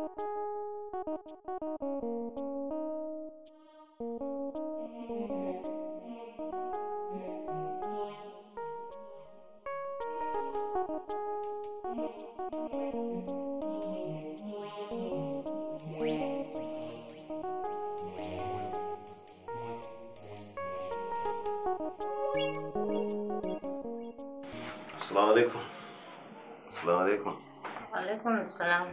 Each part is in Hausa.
Assalamu alaikum. Assalamu alaikum. Alaikum assalam.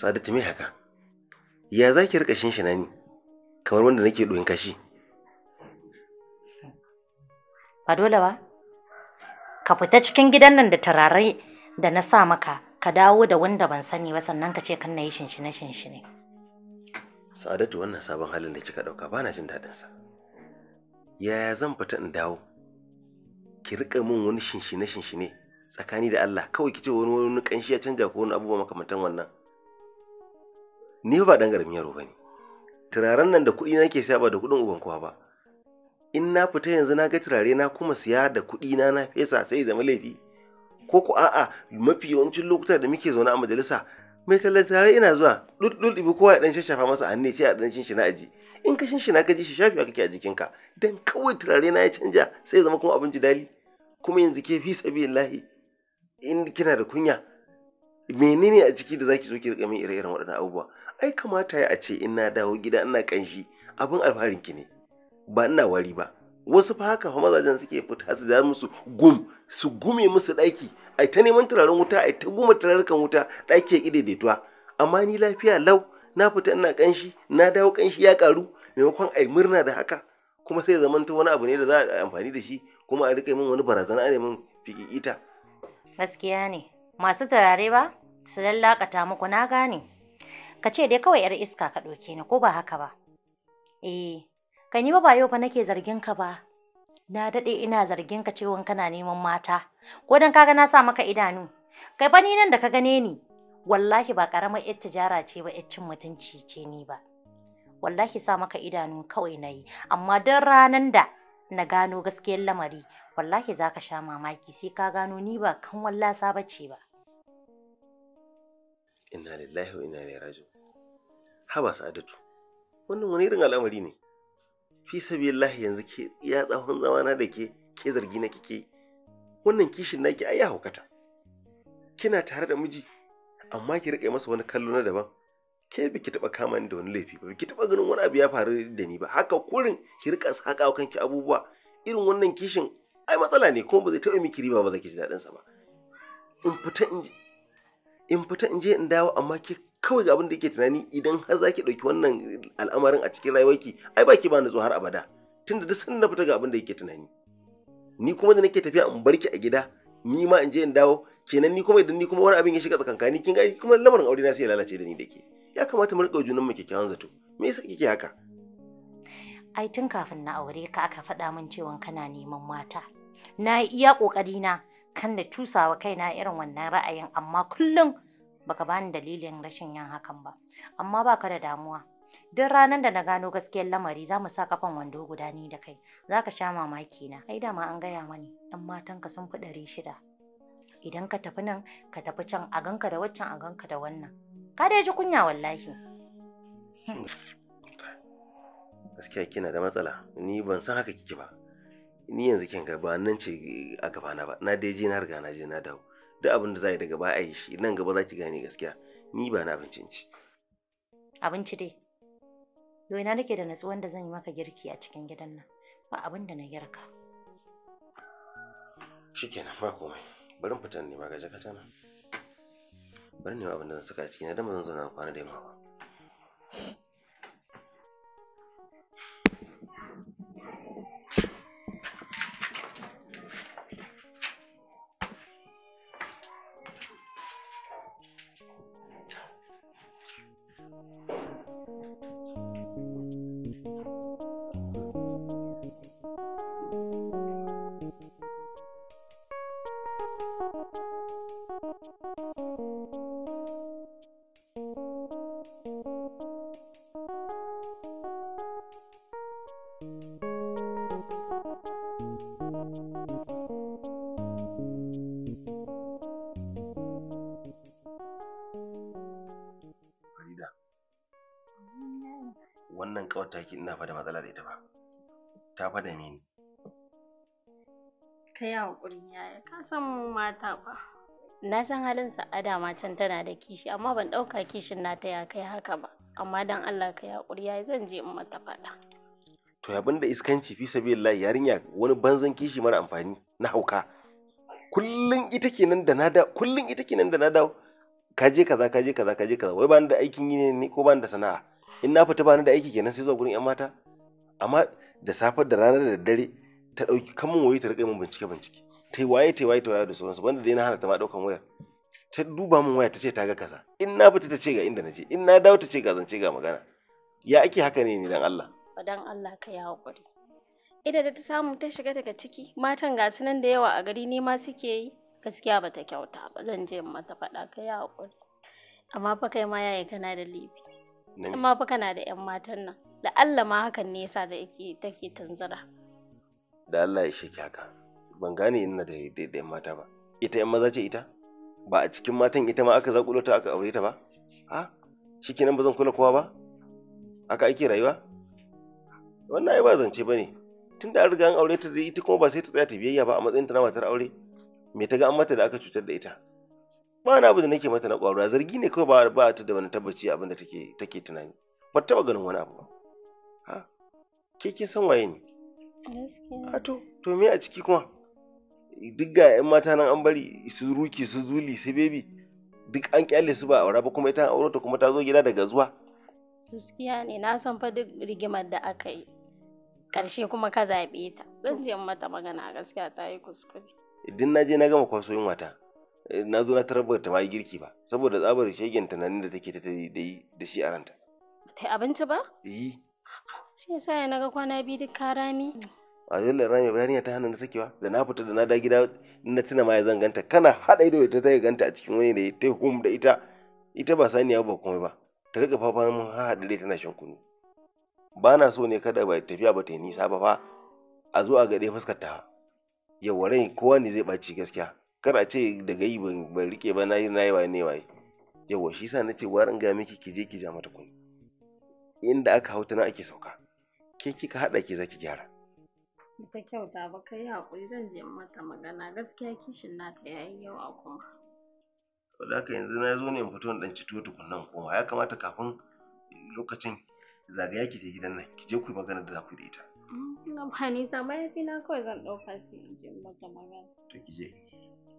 Sadatu me haka? Ya za ki riƙa shinshina ni? Kamar wanda nake ɗoyin kashi. Ba dole ba? Ka fita cikin gidan nan da turare da na sa maka ka dawo da wanda ban sani ba sannan ka ce kan na yi shinshine shinshine. Sadatu wannan sabon halin da kika ɗauka ba na jin daɗinsa. Yaya zan fita in dawo? Ki riƙa min wani shinshine shinshine tsakani da Allah kawai ki ce wani wani ƙanshi ya canja ko wani abubuwa makamantan wannan. ni ba dan garamin yaro bane turaren nan da kuɗi nake siya ba da kuɗin uban kowa ba in na fita yanzu na ga turare na kuma siya da kuɗi na na fesa sai zama laifi ko ku a'a mafi yawancin lokuta da muke zaune a majalisa mai turare ina zuwa ɗuɗɗul ibi kowa ya dan shashafa masa hannu ce a shi na aji in ka shi na kaji shi shafi kake a jikinka dan kawai turare na ya canja sai zama kuma abinci, dali kuma yanzu ke fi sabilillahi in kina da kunya menene a ciki da zaki zo ki rika min ire-iren waɗannan abubuwa ai kamata ya a ce in na dawo gida ina kanshi abin alfaharin ki ne ba ina wari ba wasu fa haka mazajen suke fita su da musu gum su gume musu daki ai ta neman turaren wuta ai ta guma kan wuta daki ya daituwa amma ni lafiya lau na fita ina kanshi na dawo kanshi ya karu maimakon ai murna da haka kuma sai zamanta wani abu ne da za a amfani da shi kuma a rika min wani barazana ne min fikikita gaskiya ne masu turare ba su lallakata muku na gane ka ce dai kawai 'yar iska ka ɗauke ni ko ba haka ba eh ka ni ba yau fa nake zargin ka ba na daɗe ina zargin ka cewa kana neman mata ko dan kaga na sa maka idanu kai fa ni nan da ka gane ni wallahi ba karamar yar tijara ce ba yar cin mutunci ce ni ba wallahi sa maka idanu kawai na yi amma don ranan da na gano gaskiyar lamari wallahi za ka sha mamaki sai ka gano ni ba kan wallasa ba ce ba inna lillahi wa inna ilaihi raji'un haba sa'adatu wannan wani irin al'amari ne fi sabilillahi yanzu ke ya tsawon zamana da ke ke zargi na kike wannan kishin naki ai ya haukata kina tare da miji amma ki rika masa wani kallo na daban ke biki taba kama ni da wani laifi ba biki taba ganin wani abu ya faru da ni ba haka kurin ki rika saka kanki abubuwa irin wannan kishin ai matsala ne kuma ba zai taba miki riba ba zaki ji daɗin sa ba in fita in in fita in je in dawo amma ke kawai ga abin da ke tunani idan har za ki ɗauki wannan al'amarin a cikin rayuwarki ai ba ki ba nutsuwa har abada tunda duk na fita ga abin da yake tunani ni kuma da nake tafiya in barki a gida ni ma in je in dawo kenan ni kuma idan ni kuma wani abin ya shiga tsakankani kin ga kuma lamarin aure na sai ya lalace da ni da ke ya kamata mu rika junan mu kyakkyawan zato me yasa kike haka ai tun kafin na aure ka aka faɗa min cewa kana neman mata na iya ƙoƙari na kan da cusawa kaina irin wannan ra'ayin amma kullum baka bani dalilin rashin yin hakan ba amma baka da damuwa duk ranar da na gano gaskiyar lamari za mu sa kafan wando guda ni da kai za ka sha mamaki na ai dama an gaya mani matan matanka sun fi ɗari shida idan ka tafi nan ka tafi can a ganka da waccan a ganka da wannan ka dai ji kunya wallahi hmm. gaskiya kina da matsala ni ban san haka kike ba ni yanzu kin ga ba nan ce a gaba na ba na dai je na riga na je na dawo duk abin da za yi daga ba a yi shi nan gaba za ki gane gaskiya ni ba na abincin ci abinci dai yau ina nake da natsuwan da zan yi maka girki a cikin gidan nan ba abin da na girka shikenan ba komai bari fita ne ba ga jakata na bari ne abin da zan saka a ciki na dama zan zauna kwana da yamma ba wannan ta ke ina fa da matsala da ita ba ta fa da ni ka yi hankuri yaya ka san mu mata ba na san halin sa'ada macen tana da kishi amma ban ɗauka kishin na ta ya kai haka ba amma dan Allah ka yi haƙuri yaya zan je in mata faɗa to abin da iskanci fi sabilillah yarinya wani banzan kishi mara amfani na hauka kullum ita kenan da na da kullun ita kenan da na dawo ka je kaza ka je kaza ka je kaza wai ba da aikin yi ne ko ba da sana'a in na fita bani da aiki kenan sai zuwa gurin yan mata amma da safar da ranar da dare ta dauki kamun waye ta rika min bincike bincike tai waye tai waye ta da sauransu banda dai na hana ta ma daukan wayar ta duba min waya ta ce ta ga kaza in na fita ta ce ga inda na je in na dawo ta ce ga zance ga magana ya ake haka ne ni dan Allah dan Allah ka ya hakuri idan da ta samu ta shiga daga ciki matan ga nan da yawa a gari nema suke yi gaskiya ba ta kyauta ba zan je mata faɗa ka ya hakuri amma fa kai ma yayi kana da lifi amma fa kana da 'yan matan nan da Allah ma hakan ne yasa da yake take tanzara da Allah ya shaki haka ban gane ina da da mata ba ita 'yan maza ce ita ba a cikin matan ita ma aka zakulo ta aka aure ta ba ha shikenan ba zan kula kowa ba aka ake rayuwa wannan ai ba zance bane tun da an riga an aure ta da ita kuma ba sai ta tsaya ta biyayya ba a matsayin ta na matar aure me ta ga an mata da aka cutar da ita ba wani abu da nake mata na kwaruwa zargi ne kawai ba ta da wani tabbaci abin da take take tunani ba taɓa ganin wani abu ba ha ke ke san waye ne a to to me a ciki kuma duk ga yan mata nan an bari su ruki su zuli su bebi duk an kyale su ba aure ba kuma ita aure ta kuma ta zo gida daga zuwa gaskiya ne na san fa duk rigimar da aka yi karshe kuma ka zaɓe ta zan je mata magana gaskiya ta yi kuskure idan na je na gama kwaso yin wata Eh, na zo na tarar ta ma yi girki ba saboda tsabar shegen tunanin da take ta da shi a ranta ta abinci ba yi eh. shi yasa ya naga kwana biyu duk karami a jalla rami bayaniya ta hannun sakewa da na fita da na da gida na tuna ma ya zan ganta kana haɗa ido da ta ganta a cikin wani da ta hum da ita ita ba saniya ba komai ba ta riga fafa mun haɗa dai tana shan kunu ba na so ne kada ba tafiya ba ta yi nisa ba fa a zo a gaɗe fuskar ta Yawarai rai kowa ne zai ɓaci gaskiya kar a ce daga yi ban rike ba nayi nayi wa ne waye yawa shi na nace warin ga miki ki je ki ja mata kunu inda aka hauta na ake sauka ke kika hada ki zaki gyara ita kyauta ba kai hakuri zan je mata magana gaskiya kishin nata yayi yawa kuma to da haka yanzu na zo ne in fito in dan cito tukunnan koma ya kamata kafin lokacin zagaya ki je gidan nan ki je ku magana da za da ita na mm, ba nisa mahaifina kawai zan ɗauka shi in je mata magana to ki je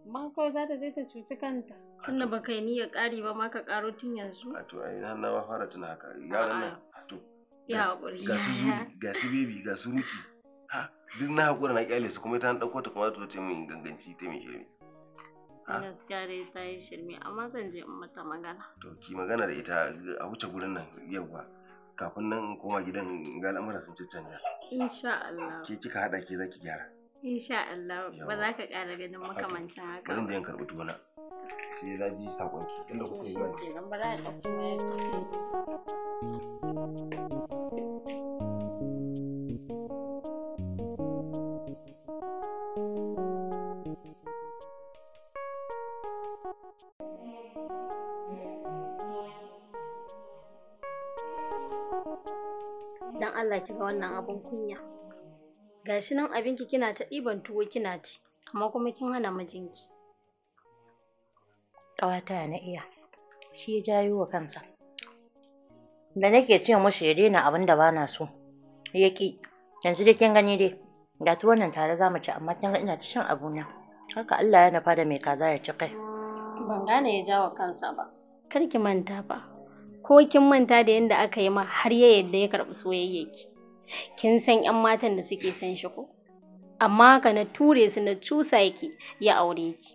Mako za ta je ta cuci kanta tunda ba kai niyyar ƙari ba ma ka ƙaro tun yanzu a to ai na ba fara tuna haka Ya nan to ya haƙuri ga su ga su bebi ga su miki ha duk na haƙura na ƙyale su kuma ita na ɗauko ta kuma ta ce min ganganci ta mai shirme gaskiya dai ta yi shirme amma zan je in mata magana to ki magana da ita a wuce gurin nan yawwa kafin nan in koma gidan ga al'amura sun caccanja insha Allah Ki kika haɗa ke zaki gyara Insha Allah ba za ka ƙara ganin makamancin haka. Bari da Allah ki ga wannan abun kunya. gashi nan abinki kina ta ɗiban tuwo kina ci amma kuma kin hana mijinki ƙawata na iya shi ya jayo wa kansa da nake ce mashi ya daina abin da bana so ya ki yanzu dai kin gani dai ga tuwon nan tare za mu ci amma kin ga ina ta shan abuna haka Allah ya nufa da mai kaza ya ci kai ban gane ya jawo kansa ba kar ki manta ba ko kin manta da yadda aka yi ma har ya yadda ya karɓi soyayyaki kin san 'yan matan da suke san shi ko amma ka na ture su na cusa ki ya aure ki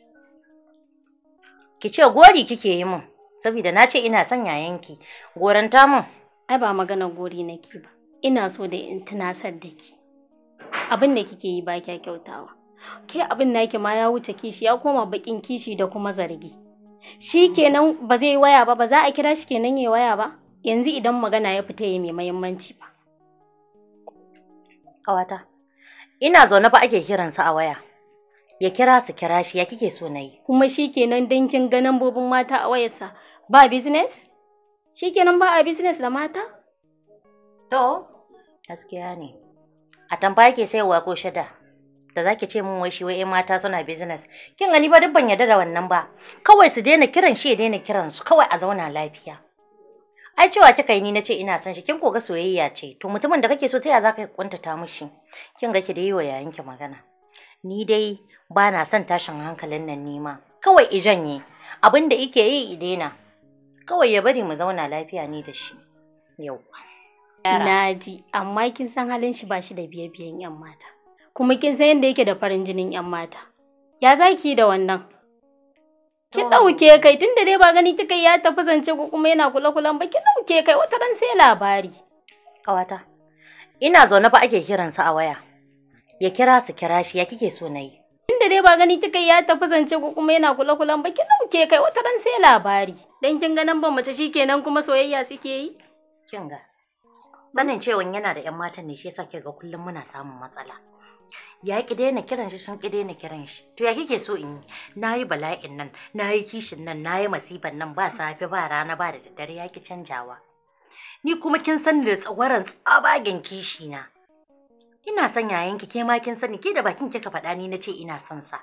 ki ce gori kike yi min saboda na ce ina son yayanki goranta min ai ba magana gori nake ba ina so da in tunasar da ki abin da kike yi ba kya kyautawa ke abin naki ma ya wuce kishi ya koma bakin kishi da kuma zargi shi kenan ba zai waya ba ba za a kira shi kenan ya waya ba yanzu idan magana ya fita ya mai mahimmanci ba Ƙawata, ina zaune ba ake kiransa a waya. Ya kira su kira shi ya kike so na yi. Kuma shi kenan don kin ga bobin mata a wayarsa ba business? Shi kenan ba a business da mata? To, gaskiya ne. A tambaya ke wa ko shada. da zaki ce min wai shi wai mata suna business kin gani ba duk ban yarda da wannan ba kawai su daina kiran shi ya daina kiran su kawai a zauna lafiya ai cewa kika yi ni nace ina son shi kin koga soyayya ce to mutumin da kake so ta ya zaka kuntata mishi kin ga ki da yawa yayin ki magana ni dai ba na son tashin hankalin nan ni ma. kawai i janye abin da yake yi i daina kawai ya bari mu zauna lafiya ni da shi yau naji amma kin san halin shi ba shi da biye biyen yan mata kuma kin san yadda yake da farin jinin yan mata ya zaki da wannan ki oh. ɗauke kai tun da dai ba gani kika ya tafi zance ko kuma yana kula kulan ba ki ɗauke kai wata ran sai labari kawata ina zaune ba ake kiransa a waya ya kira su kira shi ya kike so na yi da dai ba gani kika ya tafi zance ko kuma yana kula kulan ba ki ɗauke kai wata ran sai labari dan kin ga nan ban mace shikenan kuma soyayya suke yi kin ga sanin cewa yana da yan matan ne shi yasa kika ga kullum muna samun matsala ya ki daina kiran shi sun ki daina kiran shi to ya kike so in nayi bala'in nan nayi kishin nan nayi masifan nan ba safe ba rana ba da daddare ya ki canjawa ni kuma kin sani da tsawaran tsabagen kishi na ina son yayan ki ke ma kin sani ke da bakin kika faɗa ni nace ina son sa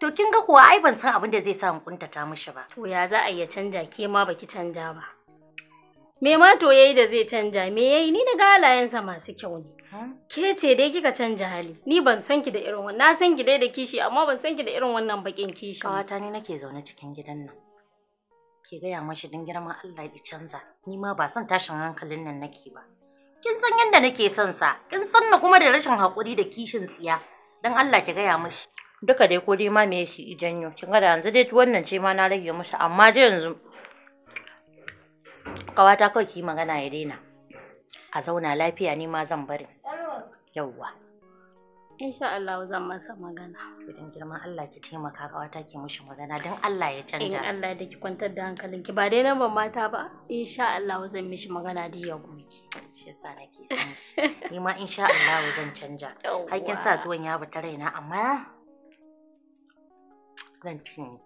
to kin ga kuwa ai ban san abin da zai sa mu kuntata mishi ba to ya za a iya canja ke ma baki canja ba me ma to yayi da zai canja me yayi ni na ga masu kyau ne Ke ce dai kika canja hali. Ni ban san ki da irin wannan. Na san ki dai da kishi amma ban san ki da irin wannan bakin kishi. Kawata ne nake zaune cikin gidan nan. Ke gaya mashi din girma Allah ya canza. Ni ma ba son tashin hankalin nan nake ba. Kin san yadda nake son sa. Kin san na kuma da rashin hakuri da kishin tsiya. Dan Allah ki gaya mashi. Duka dai ko dai ma me i janyo. Kin ga da yanzu dai wannan ce ma na rage mashi amma dai yanzu. Kawata kawai ki magana ya daina. a zauna lafiya ni ma zan bari yauwa insha Allah zan masa magana idan girman Allah ki taimaka ka wata ki mishi magana dan Allah ya canja in Allah da ki kwantar da ki ba dai nan ban mata ba insha Allah zan mishi magana da ya gobe shi yasa nake son ni ma insha Allah zan canja hakin sa tuwon ya bata raina amma zan ni.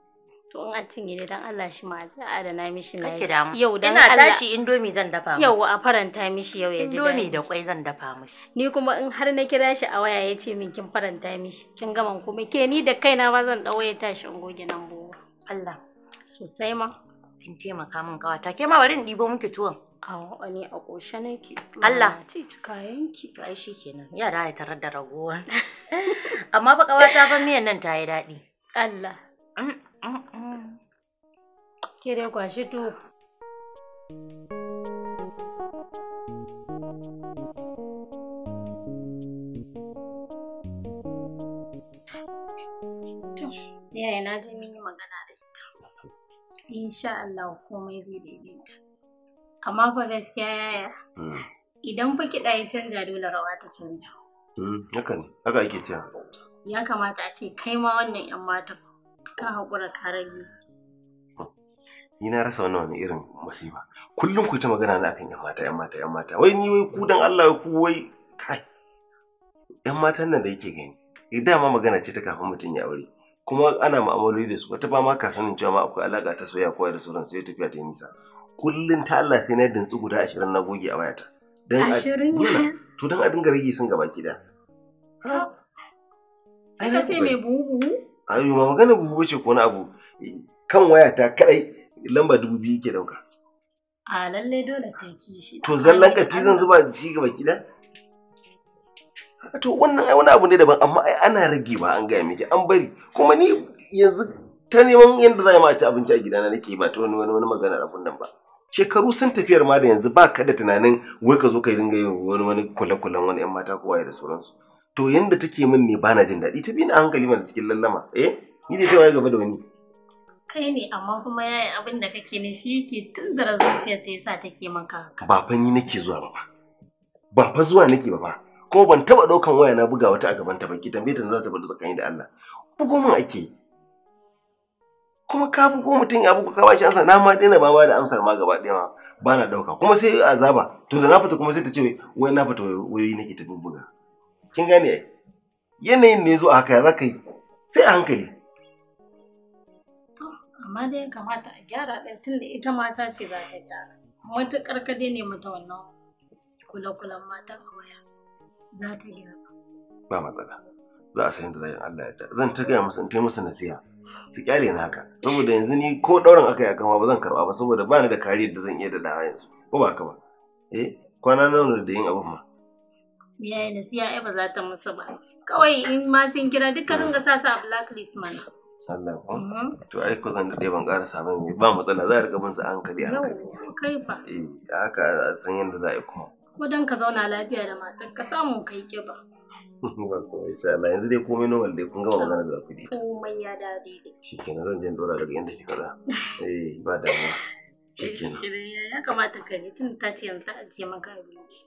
to in an cinye ne dan Allah shi ma a adana mishi na shi yau dan Allah ina tashi indomi zan dafa mishi yau a faranta mishi yau ya ji indomi da kwai zan dafa mishi ni kuma in har na kira shi a waya ya ce min kin faranta mishi kin gama kuma ke ni da kaina ma zan dawo ya tashi in goge nan bo Allah sosai ma kin taimaka min kawata ke ma bari in ɗibo miki tuwon a wani a ƙoshe nake Allah ci ci kayanki ai kenan. yara ya tarar da ragowa amma fa kawata fa miyan nan ta yi daɗi Allah mm. Ke dai kwashi to. Yaya na ji yi magana da ita. Insha Allah komai zai daidaita. Amma fa gaskiya yaya. Hmm. Idan fa kiɗa ya canja dole rawa ta canja. Hmm, haka ne, haka ake cewa. Ya kamata a ce kai ma wannan 'yan matan ka haƙura ka rage Ni na rasa wannan wani irin masifa. Kullum ku ta magana na akan 'yan mata 'yan mata 'yan mata. Wai ni wai ku dan Allah ku wai kai. 'Yan matan nan da yake gani. Idan eh, ma magana ce ta kafin mutum ya aure. Kuma ana ma'amaloli da su wata ba ma ka sanin cewa ma akwai alaƙa ta soyayya ko da sauran sai tafiya ta yi nisa. Kullum ta Allah sai na dantsi guda ashirin na goge a wayata. Ashirin ya? To don a dinga rage sun gaba ki da. ka ce mai buhu buhu? ayo ma magana bubu bace ko wani abu kan wayata kadai lamba dubu biyu ke dauka a lalle dole ta yi shi to zallan ka ti zan zuba shi gaba kida to wannan ai wani abu ne daban amma ai ana rage ba an gaya miki an bari kuma ni yanzu ta neman yadda za a ci abinci a gidana nake ba ta wani wani magana abun nan ba shekaru sun tafiyar ma da yanzu ba ka da tunanin wai ka zo ka dinga yin wani wani kule-kulen wani 'yan mata kowa da sauransu to yanda take min ne bana jin daɗi ta bi ni hankali mana cikin lallama eh ni da cewa gaba da wani kai ne amma kuma yayi abin da kake ne shi yake tun zara zuciyar ta yasa take maka ba fa ni nake zuwa ba ba fa zuwa nake ba ba ko ban taba daukan waya na buga wata a gaban ta ba ki tambaye ta za ta bada tsakani da Allah bugo min ake kuma ka bugo mutum ya bugo ka bashi ansa na ma daina ba da amsar ma gaba daya ma bana dauka kuma sai azaba to da na fita kuma sai ta ce wai na fita wayoyi nake ta bubbuga kin gane ai yanayin ne zo a haka za ka yi sai a hankali amma dai ya kamata a gyara ɗin tunda ita mata ce za ta gyara matuƙar ka dai ne mata wannan kula-kulan mata a waya za ta gyara ba matsala za a san da zai Allah ya ta zan ta gaya musu in ta musu nasiha su kyale ni haka saboda yanzu ni ko ɗaurin aka yi akan ba zan karɓa ba saboda ba ni da kariyar da zan iya da dawa yanzu ko ba ka ba eh kwana nawa da yin abin ma yayi nasiya ai ba za ta musu ba kawai in ma sun kira duka sun ga sasa a blacklist mana Allah ko mhm. to ai ko zan dade ban ƙara ba ne ba matsala za a rika bin sa hankali a hankali kai fa eh haka san yadda za a yi kuma ko dan ka zauna lafiya da matar ka samu kai kiba ba Ba ko insha Allah yanzu dai komai normal dai kun gama magana da kuɗi komai ya da daidai shikenan zan je dora daga inda kika da eh ba damuwa shikenan ya kamata ka ji tun ta ce yanzu ta ajiye maka abinci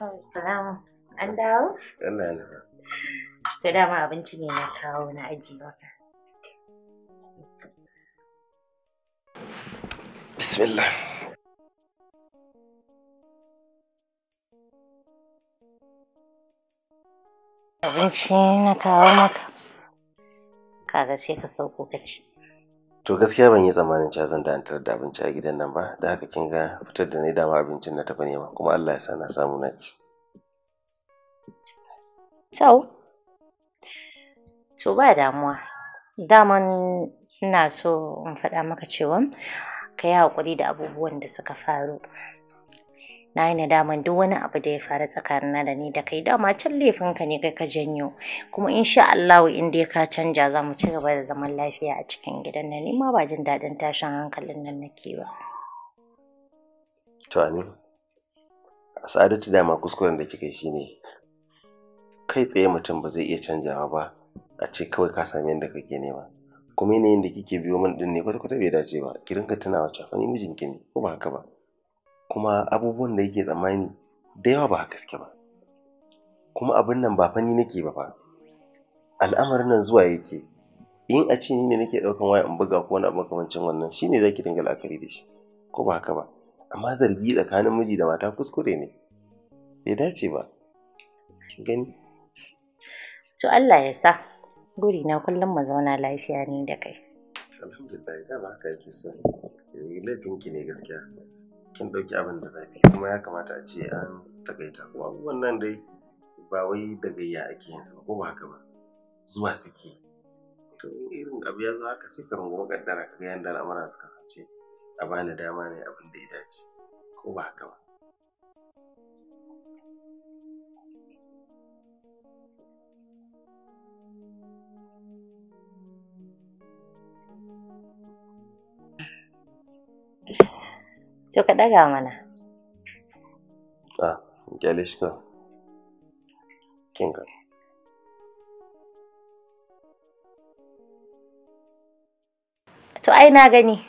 alaikum salam. An dawo? Allah ya To dama abinci ne na kawo na aji maka. Bismillah. Abinci na kawo maka. Kaga sai ka sauko ka ci. to gaskiya ban yi tsammanin cewa zan da'antar da abinci a gidan nan ba da haka kin ga fitar da ni dama abincin na tafi nema kuma Allah ya sa na samu na ci to to ba damuwa daman ina so in faɗa maka cewa ka yi haƙuri da abubuwan da suka faru na yi nadaman duk wani abu da ya faru tsakanina da ni da kai dama can laifin ka ne kai ka janyo kuma insha Allahu in dai ka canja za mu ci gaba da zaman lafiya a cikin gidan nan ma ba jin daɗin tashin hankalin nan nake ba to amin sa'adatu dama kuskuren da kika yi shine kai tsaye mutum ba zai iya canjawa ba a ce kawai ka sami yadda kake nema kuma yanayin da kike biyo min din ne kwata-kwata bai dace ba ki rinka tunawa cewa fa ni mijinki ne ko ba haka ba kuma abubuwan da yake tsammani da yawa ba haka suke ba kuma abin nan ba fani nake ba ba al'amarin nan zuwa yake in a ce ni ne nake ɗaukan waya in buga ko wani abu makamancin wannan shine zaki dinga la'akari da shi ko ba haka ba amma zargi tsakanin miji da mata kuskure ne bai dace ba gani to Allah ya sa guri na kullum mu zauna lafiya ni da kai alhamdulillah da ba haka yake so eh, ki ne gaskiya kin ɗauki abin da zafi kuma ya kamata a ce an takaita kuma abubuwan nan dai ba wai da gayya ake yin sa ko ba haka ba zuwa suke to irin abu ya zo haka sai ka rungumi kaddara ka ga yadda al'amura suka kasance a bani dama ne abin da ya dace ko ba haka ba To ka ɗaga mana. Ah, a, To ai na gani.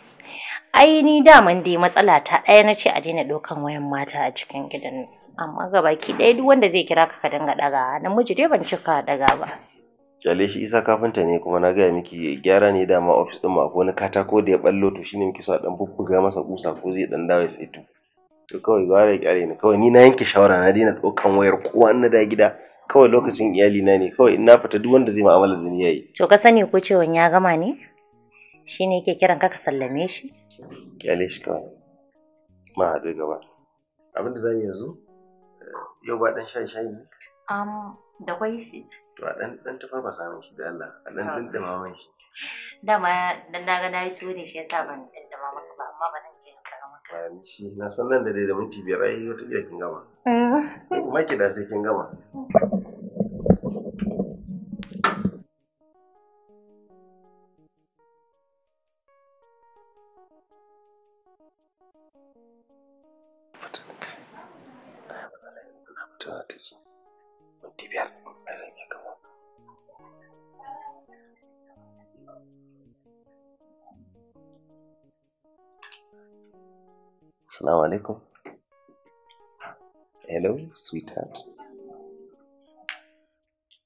Ai ni daman dai matsala ta ɗaya na ce a daina ɗaukan wayan mata a cikin gidan. Amma gabaki ɗaya duk wanda zai kira ka ka dinga ɗaga namiji dai ban cika ɗaga ba. kyale shi isa kafinta ne kuma na gaya miki gyara ne dama ofis ɗin akwai wani katako da ya ballo to shine muke so a dan bubbuga masa kusa ko zai dan dawo ya saito to kawai gwara ya kyale ni kawai ni na yanke shawara na daina ɗaukan wayar kowa na da gida kawai lokacin iyali na ne kawai na fita duk wanda zai ma'amala da ni yayi to ka sani ko cewa ya gama ne shine yake kiran ka ka sallame shi kyale shi kawai ma haɗu gaba abin da zamu yanzu yau ba dan shan shayi ne um da kwai shi to a ɗan min da Allah a ɗan min shi dama dan na ga na yi tuwo shi yasa ban dindima maka ba amma ba nan shi na san nan da dai da minti biyar ai wata iya kin gama eh. Thank you. minti biyar da zan iya Assalamu alaikum. Hello, sweetheart.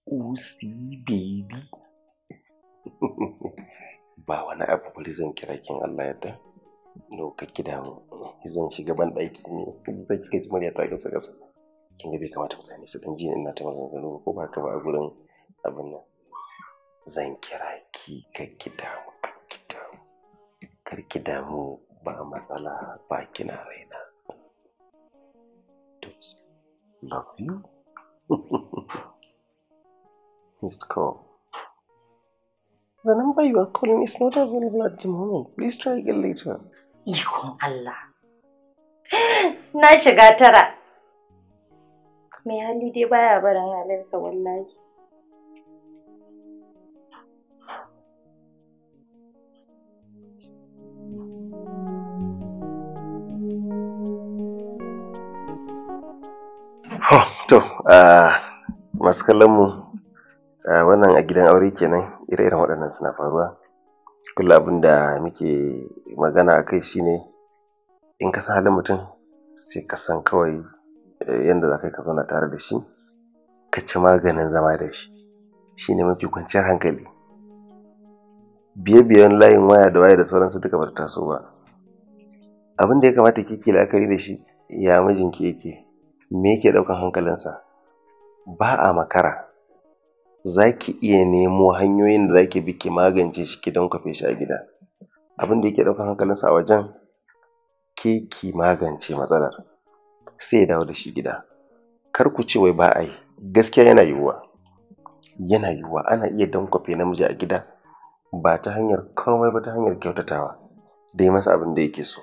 Usi oh, baby. ba wani abu bari zan kira kin Allah yadda. No, ka kida mu. Zan shiga ban ɗaki ne. Zan kika ji murya ta gasa gasa. kin ga bai kamata mutane su dan ji ina ta maganganu ko ba ka ba a gurin abin nan zan kira ki ka ki damu ka ki damu kar ki damu ba matsala ba kina raina to love you Mr. call The number you are calling is not available at the moment. Please try again later. Ikon Allah. Na shiga tara. mai hali dai baya barin halinsa wallahi to a masu kallonmu wannan a gidan aure kenan ire-iren waɗannan suna faruwa kula abin da muke magana a kai shine in ka san halin mutum sai ka san kawai Eh, yadda za ka zauna tare da shi ka ci maganin zama da shi shi ne mafi kwanciyar hankali biye-biyen layin waya da waya da sauransu duka bata taso ba abin da ya kamata ke ke la'akari da shi ya mijinki yake me yake daukan hankalinsa ba a makara za ki iya nemo hanyoyin da za ki bi ki magance shi ki don kwafe shi a gida abin da yake daukan hankalinsa a wajen ke ki magance matsalar sai ya dawo da shi gida kar ku ce wai ba a yi gaskiya yana yiwuwa yana yiwuwa ana iya dankwafe namiji a gida ba ta hanyar komai ba ta hanyar kyautatawa da yi masa abin da yake so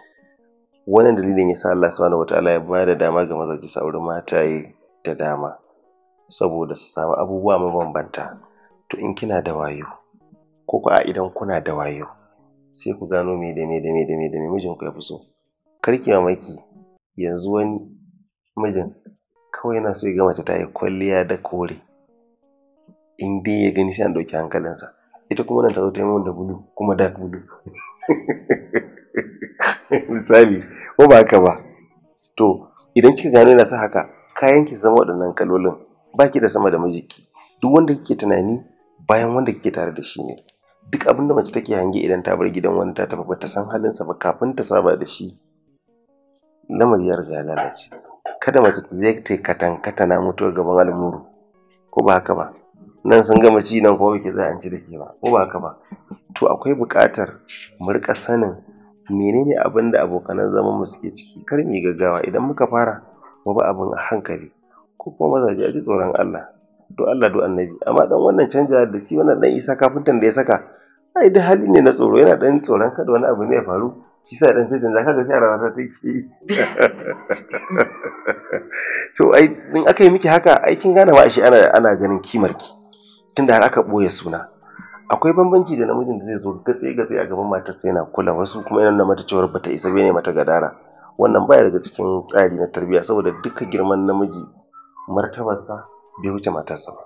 wannan dalilin yasa Allah subhanahu wataala ya da dama ga mazaje su mata mataye da dama saboda su samu abubuwa mabambanta to in kina da wayo ko ku a idan kuna da wayo sai ku gano me da me da me da me mijinku ya fi so kar ki mamaki yanzu wani mijin kawai yana so ya ga mace ta yi kwalliya da kore in dai ya gani sai an ɗauki hankalinsa ita kuma nan ta zo ta yi da bulu kuma dark bulu misali ko ba haka ba to idan kika gano yana sa haka kayan ki zama waɗannan kalolin ba ki da sama da mijinki duk wanda kike tunani bayan wanda kike tare da shi ne duk abin da mace take hange idan ta bar gidan wani ta tafi ba ta san halinsa ba kafin ta saba da shi lamari ya riga lalace kada mace ta je ta katan katana mutuwar gaban almuru ko ba haka ba nan sun gama ci nan kuma bike za an ci da ke ba ko ba haka ba to akwai buƙatar mu rika sanin menene abin da abokanan zaman mu suke ciki kar mu gaggawa idan muka fara mu ba abin a hankali ko kuma mazaje a ji tsoron Allah To Allah do annabi amma dan wannan canja da shi wannan dan Isa kafintan da ya saka ai da hali ne na tsoro yana dan tsoron kada wani abu ne ya faru shi sa dan sai zaka ga shara ta take to ai in aka yi miki haka aikin gane wa shi ana ana ganin kimar ki tunda har aka boye suna akwai bambanci da namijin da zai zo gatse gatse a gaban sai yana kula wasu kuma yana mata matacewar bata isa bane mata gadara wannan baya daga cikin tsari na tarbiyya saboda duka girman namiji martabarsa bai wuce matarsa ba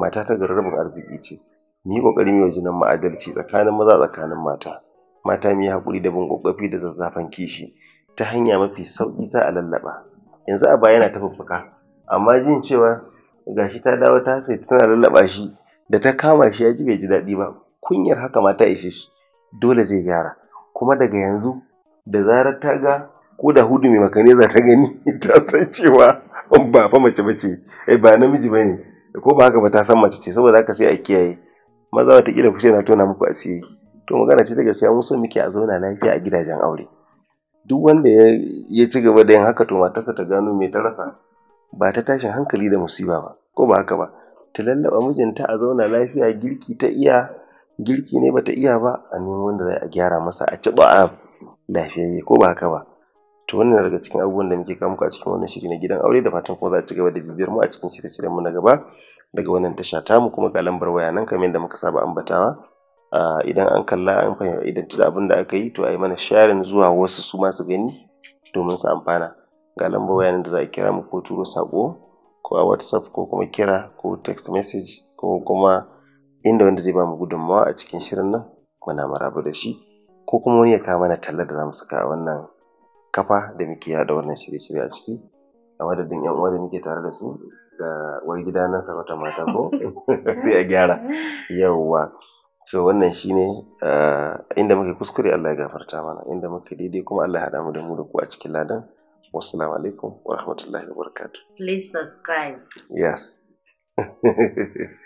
mata ta garrabin arziki ce muyi yi ƙoƙari mu nan mu tsakanin maza tsakanin mata mata mu yi haƙuri da bin ƙoƙafi da zazzafan kishi ta hanya mafi sauƙi za a lallaɓa yanzu a baya yana ta fuffuka amma jin cewa gashi ta dawo ta sai tana lallaɓa shi da ta kama shi ya ji bai ji daɗi ba kunyar haka ma ta ishe shi dole zai gyara kuma daga yanzu da zarar ta ga ko da hudu mai makane za ta gani ta san cewa ba fa mace bace eh, ba namiji bane ko ba haka ba ta san mace ce saboda haka sai a kiyaye maza watakila ku ce na tona muku asiri to magana ce ta gaskiya mu so muke a zauna lafiya a gidajen aure duk wanda ya ci gaba da yin haka to matarsa ta gano me ta rasa ba ta tashin hankali da musiba ba ko ba haka ba ta lallaba mijinta a zauna lafiya girki ta iya girki ne bata iya ba a nemi wanda za a gyara masa a ci ba'a lafiyayye ko ba haka ba to wannan daga cikin abubuwan da muke kawo muku a cikin wannan shiri na gidan aure da fatan kuma za a ci gaba da bibiyar mu a cikin shirye-shiryen mu na gaba daga wannan tasha ta mu kuma ga lambar waya nan kamar yadda muka saba ambatawa idan an kalla an fahimta, tuda abin da aka yi to a yi mana sharing zuwa wasu su masu gani domin su amfana ga lambar waya nan da za a kira mu ko turo sako ko a whatsapp ko kuma kira ko text message ko kuma inda wanda zai ba mu gudunmawa a cikin shirin nan muna maraba da shi ko kuma wani ya kawo mana talla da za mu saka wannan kafa da muke yada wannan shirye-shirye a ciki a madadin yan uwa da muke tare da su da wai gida na sarauta mata ko sai a gyara yawwa so wannan shine eh, inda muke kuskure Allah ya gafarta mana inda muke daidai kuma Allah ya hada mu da mu da ku a cikin ladan wassalamu alaikum wa rahmatullahi wa barakatuh please subscribe yes